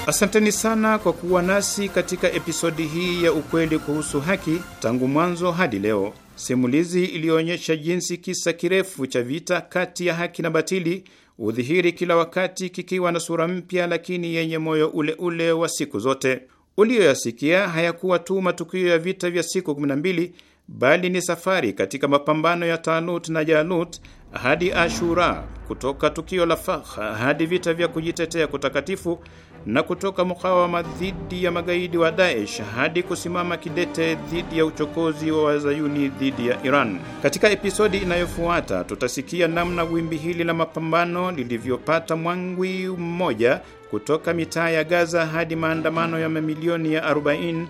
Asanteni sana kwa kuwa nasi katika episodi hii ya ukweli kuhusu haki, tangu mwanzo hadi leo. Simulizi iliyoonyesha jinsi kisa kirefu cha vita kati ya haki na batili udhihiri kila wakati kikiwa na sura mpya, lakini yenye moyo ule ule wa siku zote. Uliyoyasikia hayakuwa tu matukio ya vita vya siku 12 bali ni safari katika mapambano ya Tanut na Janut hadi Ashura, kutoka tukio la Fakha hadi vita vya kujitetea kutakatifu na kutoka mukawama dhidi ya magaidi wa Daesh hadi kusimama kidete dhidi ya uchokozi wa wazayuni dhidi ya Iran. Katika episodi inayofuata tutasikia namna wimbi hili la mapambano lilivyopata mwangwi mmoja kutoka mitaa ya Gaza hadi maandamano ya mamilioni ya 40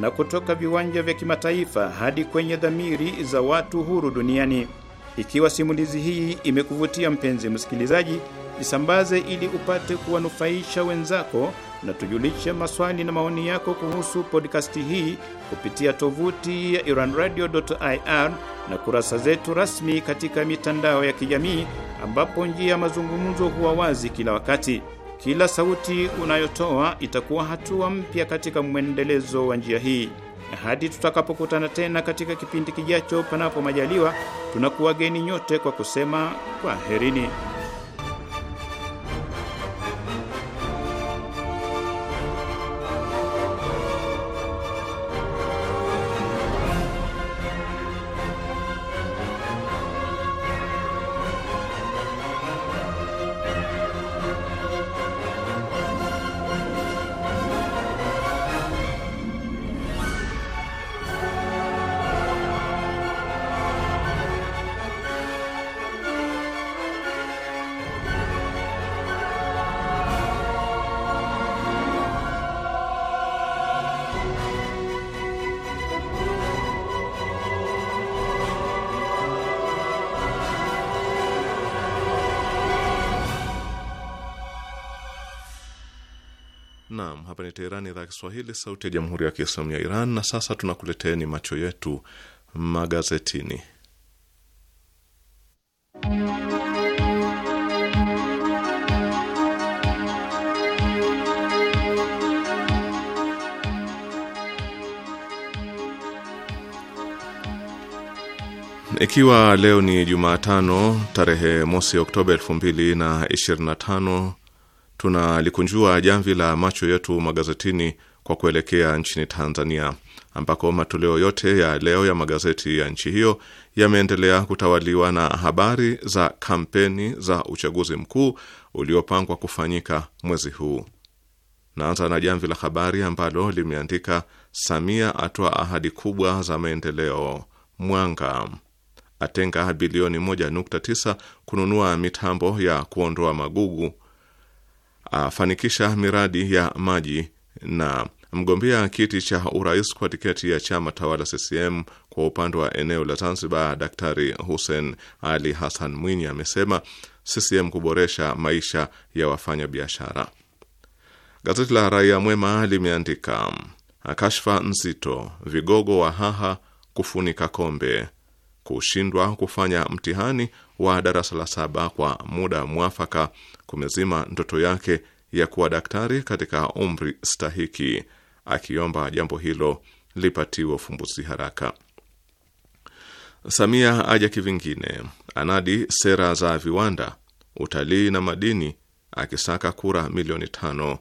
na kutoka viwanja vya kimataifa hadi kwenye dhamiri za watu huru duniani. Ikiwa simulizi hii imekuvutia mpenzi msikilizaji Jisambaze ili upate kuwanufaisha wenzako, na tujulishe maswali na maoni yako kuhusu podkasti hii kupitia tovuti ya iranradio.ir na kurasa zetu rasmi katika mitandao ya kijamii, ambapo njia ya mazungumzo huwa wazi kila wakati. Kila sauti unayotoa itakuwa hatua mpya katika mwendelezo wa njia hii. Na hadi tutakapokutana tena katika kipindi kijacho, panapo majaliwa, tunakuwageni nyote kwa kusema kwaherini. Naam, hapa ni Teherani, idhaa ya Kiswahili, sauti ya jamhuri ya kiislamu ya Iran. Na sasa tunakuleteeni macho yetu magazetini. Ikiwa leo ni Jumatano tarehe mosi Oktoba 2025 tunalikunjua jamvi la macho yetu magazetini kwa kuelekea nchini Tanzania ambako matoleo yote ya leo ya magazeti ya nchi hiyo yameendelea kutawaliwa na habari za kampeni za uchaguzi mkuu uliopangwa kufanyika mwezi huu. Naanza na jamvi la habari ambalo limeandika Samia atoa ahadi kubwa za maendeleo, Mwanga atenga bilioni 1.9 kununua mitambo ya kuondoa magugu afanikisha miradi ya maji na mgombea kiti cha urais kwa tiketi ya chama tawala CCM kwa upande wa eneo la Zanzibar, Daktari Hussein Ali Hassan Mwinyi amesema CCM kuboresha maisha ya wafanyabiashara. Gazeti la Raia Mwema limeandika kashfa nzito, vigogo wa haha kufunika kombe, kushindwa kufanya mtihani wa darasa la saba kwa muda mwafaka kumezima ndoto yake ya kuwa daktari katika umri stahiki, akiomba jambo hilo lipatiwe ufumbuzi haraka. Samia aja kivingine, anadi sera za viwanda, utalii na madini, akisaka kura milioni tano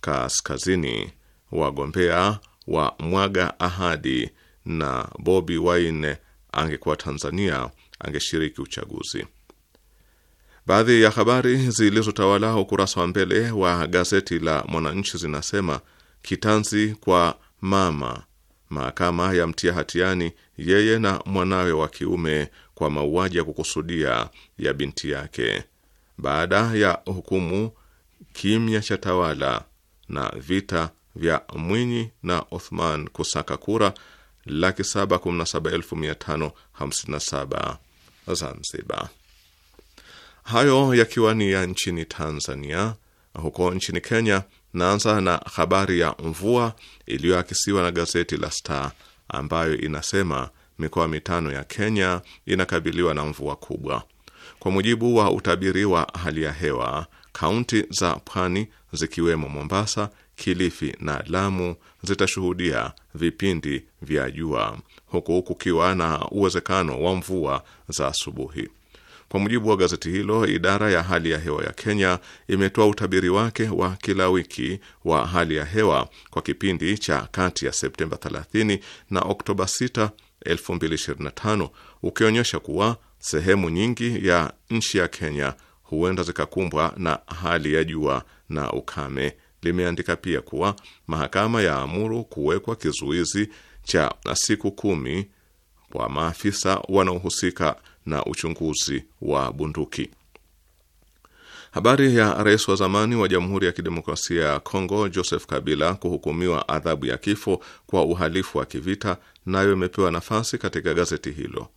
kaskazini. Wagombea wa mwaga ahadi na Bobi Wine angekuwa Tanzania angeshiriki uchaguzi. Baadhi ya habari zilizotawala ukurasa wa mbele wa gazeti la Mwananchi zinasema kitanzi kwa mama, mahakama ya mtia hatiani yeye na mwanawe wa kiume kwa mauaji ya kukusudia ya binti yake. Baada ya hukumu, kimya cha tawala na vita vya Mwinyi na Othman kusaka kura laki saba kumi na saba elfu mia tano hamsini na saba Zanzibar. Hayo yakiwa ni ya nchini Tanzania. Huko nchini Kenya, naanza na habari ya mvua iliyoakisiwa na gazeti la Star ambayo inasema mikoa mitano ya Kenya inakabiliwa na mvua kubwa. Kwa mujibu wa utabiri wa hali ya hewa, kaunti za pwani zikiwemo Mombasa, Kilifi na Lamu zitashuhudia vipindi vya jua huku kukiwa na uwezekano wa mvua za asubuhi. Kwa mujibu wa gazeti hilo, idara ya hali ya hewa ya Kenya imetoa utabiri wake wa kila wiki wa hali ya hewa kwa kipindi cha kati ya Septemba 30 na Oktoba 6, 2025 ukionyesha kuwa sehemu nyingi ya nchi ya Kenya huenda zikakumbwa na hali ya jua na ukame limeandika pia kuwa mahakama ya amuru kuwekwa kizuizi cha siku kumi kwa maafisa wanaohusika na uchunguzi wa bunduki. Habari ya rais wa zamani wa Jamhuri ya Kidemokrasia ya Kongo Joseph Kabila kuhukumiwa adhabu ya kifo kwa uhalifu wa kivita nayo imepewa nafasi katika gazeti hilo.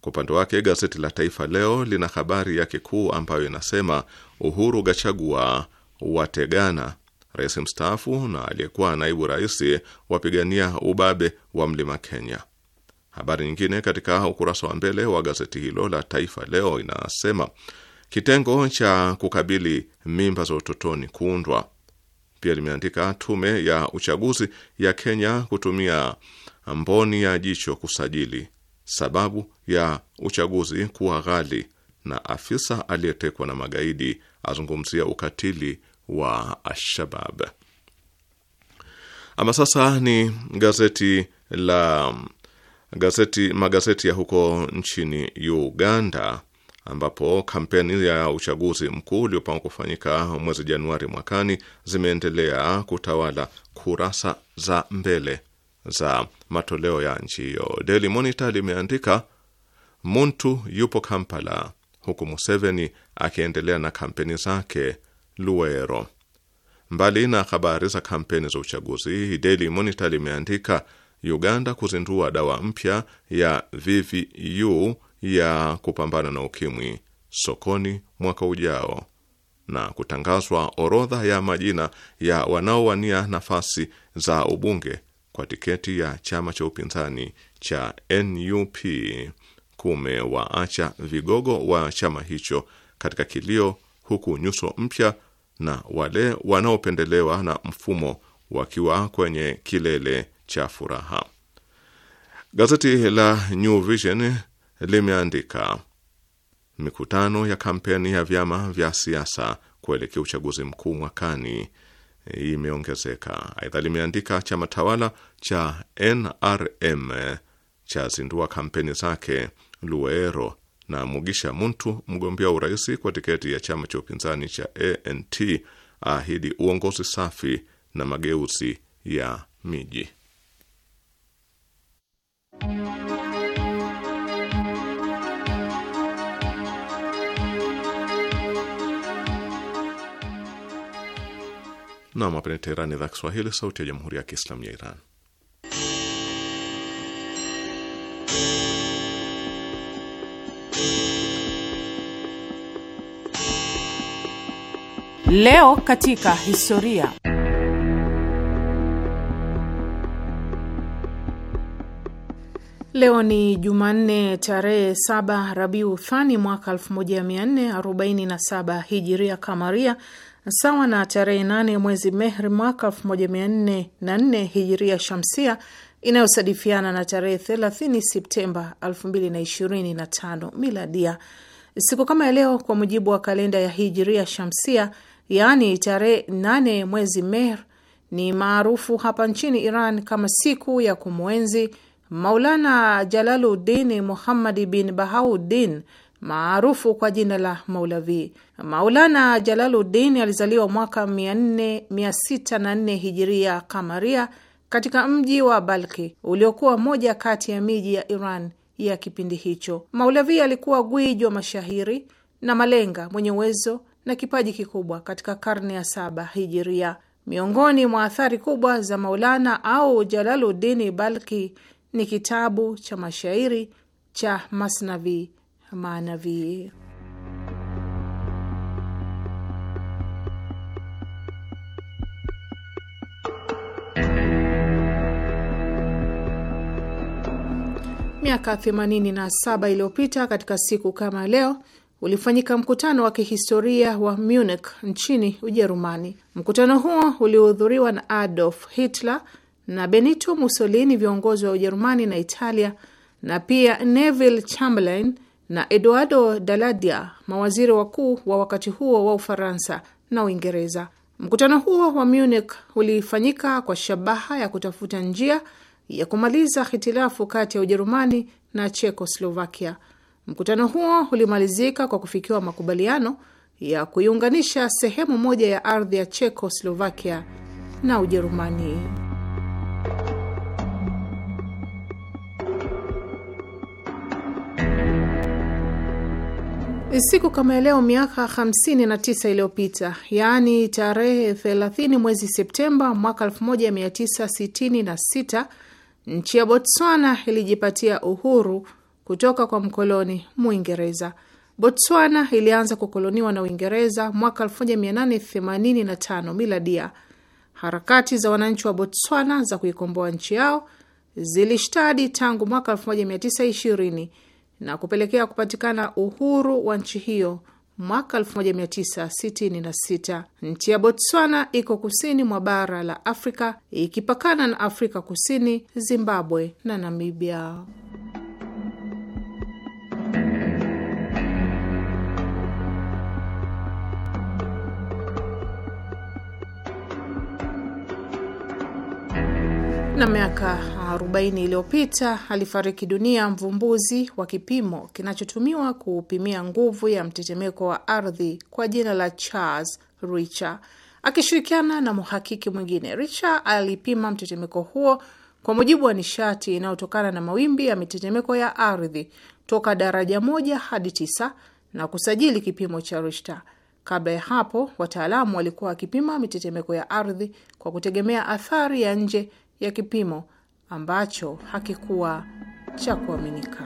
Kwa upande wake, gazeti la Taifa Leo lina habari yake kuu ambayo inasema Uhuru Gachagua wategana rais mstaafu na aliyekuwa naibu rais wapigania ubabe wa mlima Kenya. Habari nyingine katika ukurasa wa mbele wa gazeti hilo la Taifa Leo inasema kitengo cha kukabili mimba za utotoni kuundwa. Pia limeandika tume ya uchaguzi ya Kenya kutumia mboni ya jicho kusajili, sababu ya uchaguzi kuwa ghali, na afisa aliyetekwa na magaidi azungumzia ukatili wa Ashabab. Ama sasa ni gazeti la gazeti magazeti ya huko nchini Uganda ambapo kampeni ya uchaguzi mkuu uliopangwa kufanyika mwezi Januari mwakani zimeendelea kutawala kurasa za mbele za matoleo ya nchi hiyo. Daily Monitor limeandika Muntu yupo Kampala, huku Museveni akiendelea na kampeni zake Luero. Mbali na habari za kampeni za uchaguzi, Daily Monitor limeandika Uganda kuzindua dawa mpya ya VVU ya kupambana na ukimwi sokoni mwaka ujao na kutangazwa orodha ya majina ya wanaowania nafasi za ubunge kwa tiketi ya chama cha upinzani cha NUP kumewaacha vigogo wa chama hicho katika kilio huku nyuso mpya na wale wanaopendelewa na mfumo wakiwa kwenye kilele cha furaha. Gazeti la New Vision limeandika mikutano ya kampeni ya vyama vya siasa kuelekea uchaguzi mkuu mwakani imeongezeka. Aidha limeandika chama tawala cha NRM chazindua kampeni zake Luero na Mugisha Muntu, mgombea wa urais kwa tiketi ya chama cha upinzani cha ANT, ahidi uongozi safi na mageuzi ya miji. Nam, hapa ni Teherani, idhaa Kiswahili, sauti ya jamhuri ya kiislamu ya Iran. Leo katika historia. Leo ni Jumanne tarehe 7 Rabiu Thani mwaka 1447 Hijiria Kamaria, sawa na tarehe 8 mwezi Mehri mwaka 1404 Hijiria Shamsia, inayosadifiana na tarehe 30 Septemba 2025 Miladia. Siku kama ya leo kwa mujibu wa kalenda ya Hijiria Shamsia yaani tarehe 8 mwezi Mehr ni maarufu hapa nchini Iran kama siku ya kumwenzi Maulana Jalaluddin Muhammad bin Bahauddin maarufu kwa jina la Maulavi. Maulana Jalaluddin alizaliwa mwaka 464 hijiria kamaria katika mji wa Balki uliokuwa moja kati ya miji ya Iran ya kipindi hicho. Maulavi alikuwa gwiji wa mashahiri na malenga mwenye uwezo na kipaji kikubwa katika karne ya saba hijiria. Miongoni mwa athari kubwa za Maulana au Jalaludini Balki ni kitabu cha mashairi cha Masnavi Manavi. Miaka 87 iliyopita katika siku kama leo ulifanyika mkutano wa kihistoria wa Munich nchini Ujerumani. Mkutano huo ulihudhuriwa na Adolf Hitler na Benito Mussolini, viongozi wa Ujerumani na Italia, na pia Neville Chamberlain na Eduardo Daladia, mawaziri wakuu wa wakati huo wa Ufaransa na Uingereza. Mkutano huo wa Munich ulifanyika kwa shabaha ya kutafuta njia ya kumaliza hitilafu kati ya Ujerumani na Chekoslovakia. Mkutano huo ulimalizika kwa kufikiwa makubaliano ya kuiunganisha sehemu moja ya ardhi ya Chekoslovakia na Ujerumani. Siku kama leo miaka 59 iliyopita, yaani tarehe 30 mwezi Septemba mwaka 1966, nchi ya Botswana ilijipatia uhuru kutoka kwa mkoloni Mwingereza. Botswana ilianza kukoloniwa na Uingereza mwaka 1885 miladia. Harakati za wananchi wa Botswana za kuikomboa nchi yao zilishtadi tangu mwaka 1920 na kupelekea kupatikana uhuru wa nchi hiyo mwaka 1966. Nchi ya Botswana iko kusini mwa bara la Afrika ikipakana na Afrika Kusini, Zimbabwe na Namibia. na miaka 40 iliyopita alifariki dunia mvumbuzi wa kipimo kinachotumiwa kupimia nguvu ya mtetemeko wa ardhi kwa jina la Charles Richter. Akishirikiana na mhakiki mwingine, Richter alipima mtetemeko huo kwa mujibu wa nishati inayotokana na mawimbi ya mitetemeko ya ardhi toka daraja moja hadi tisa na kusajili kipimo cha Richter. Kabla ya hapo, wataalamu walikuwa wakipima mitetemeko ya ardhi kwa kutegemea athari ya nje ya kipimo ambacho hakikuwa cha kuaminika.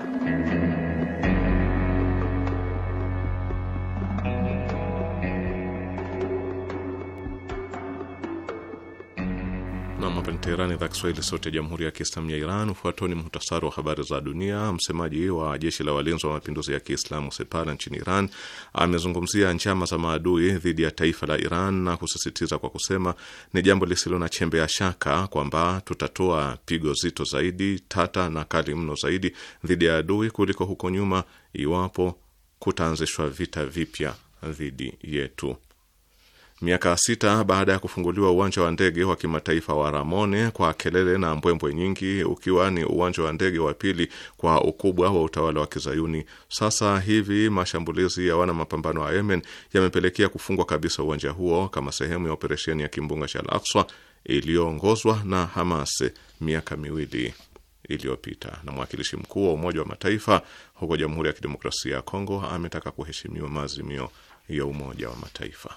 Nam, hapa ni Teherani, idhaa Kiswahili sote ya Jamhuri ya Kiislamu ya Iran. Ufuatao ni muhtasari wa habari za dunia. Msemaji wa jeshi la walinzi wa mapinduzi ya Kiislamu Separa nchini Iran amezungumzia njama za maadui dhidi ya taifa la Iran na kusisitiza kwa kusema, ni jambo lisilo na chembe ya shaka kwamba tutatoa pigo zito zaidi, tata na kali mno zaidi dhidi ya adui kuliko huko nyuma, iwapo kutaanzishwa vita vipya dhidi yetu. Miaka sita baada ya kufunguliwa uwanja wa ndege wa kimataifa wa Ramone kwa kelele na mbwembwe nyingi, ukiwa ni uwanja wa ndege wa pili kwa ukubwa wa utawala wa Kizayuni, sasa hivi mashambulizi ya wana mapambano wa Yemen yamepelekea kufungwa kabisa uwanja huo kama sehemu ya operesheni ya kimbunga cha Al-Aqsa iliyoongozwa na Hamas miaka miwili iliyopita. Na mwakilishi mkuu wa Umoja wa Mataifa huko Jamhuri ya Kidemokrasia ya Kongo ametaka kuheshimiwa maazimio ya Umoja wa Mataifa.